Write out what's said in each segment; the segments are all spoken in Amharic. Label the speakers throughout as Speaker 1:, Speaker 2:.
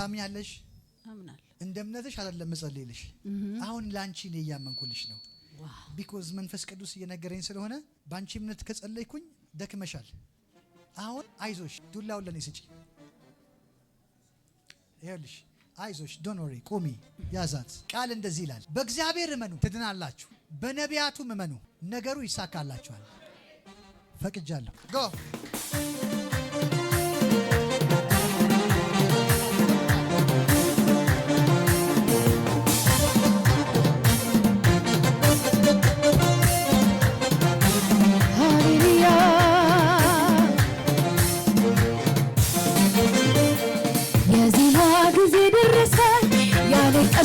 Speaker 1: ታምኛለሽ? እንደ እምነትሽ አይደለም እጸልይልሽ። አሁን ለአንቺ እኔ እያመንኩልሽ ነው። ቢኮዝ መንፈስ ቅዱስ እየነገረኝ ስለሆነ በአንቺ እምነት ከጸለይኩኝ ደክመሻል። አሁን አይዞሽ፣ ዱላውን ለኔ ስጪ። ይኸውልሽ፣ አይዞሽ፣ ዶኖሪ ቁሚ፣ ያዛት። ቃል እንደዚህ ይላል፣ በእግዚአብሔር እመኑ ትድናላችሁ፣ በነቢያቱም እመኑ ነገሩ ይሳካላችኋል። ፈቅጃለሁ። ጎ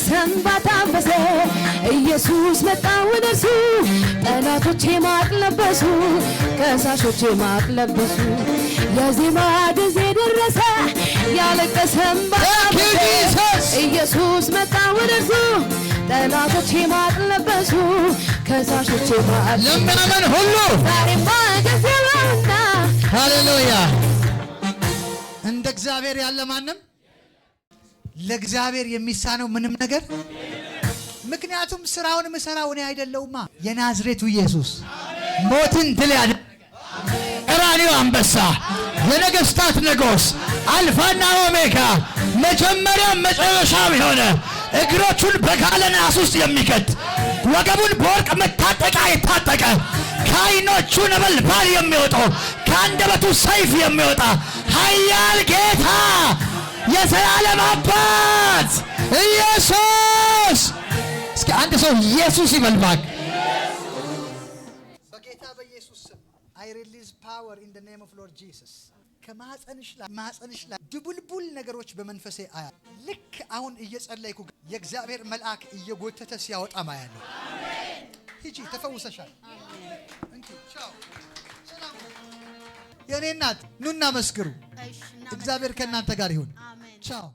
Speaker 1: ሰንባታ አንበሰ ኢየሱስ መጣ ወደ እርሱ ጠላቶቼ ማቅ ለበሱ፣ ከሳሾቼ ማቅ ለበሱ። የዜማ ጊዜ ደረሰ ያለቀሰም ኢየሱስ መጣ ወደ እርሱ ጠላቶቼ ማቅ ለበሱ፣ ከሳሾቼ ማቅ ለምናምን ሁሉ ሃሌሉያ እንደ እግዚአብሔር ያለ ማንም ለእግዚአብሔር የሚሳነው ምንም ነገር ምክንያቱም ስራውን ምሰራው እኔ አይደለውማ የናዝሬቱ ኢየሱስ ሞትን ድል ያደረገ ቀራንዮ አንበሳ የነገስታት ንጉስ አልፋና ኦሜጋ መጀመሪያ መጨረሻም የሆነ እግሮቹን በጋለ ናስ ውስጥ የሚከት ወገቡን በወርቅ መታጠቂያ የታጠቀ ከዓይኖቹ ነበልባል የሚወጣው ከአንደበቱ ሰይፍ የሚወጣ ኃያል ጌታ የዘላለም አባት ኢየሱስ። እስኪ አንድ ሰው ኢየሱስ ይበልማል። በጌታ በኢየሱስ ስም አይ ሪሊዝ ፓወር ኢን ዘ ኔም ኦፍ ሎርድ ጂሰስ ከማህፀንሽ ላይ ማህፀንሽ ላይ ድቡልቡል ነገሮች በመንፈሴ አያ ልክ አሁን እየጸለይኩ የእግዚአብሔር መልአክ እየጎተተ ሲያወጣ ማያለሁ። ሂጂ ተፈውሰሻል። አሜን። ቻው። የእኔ እናት ኑ እናመስግሩ። እግዚአብሔር ከእናንተ ጋር ይሁን። ቻው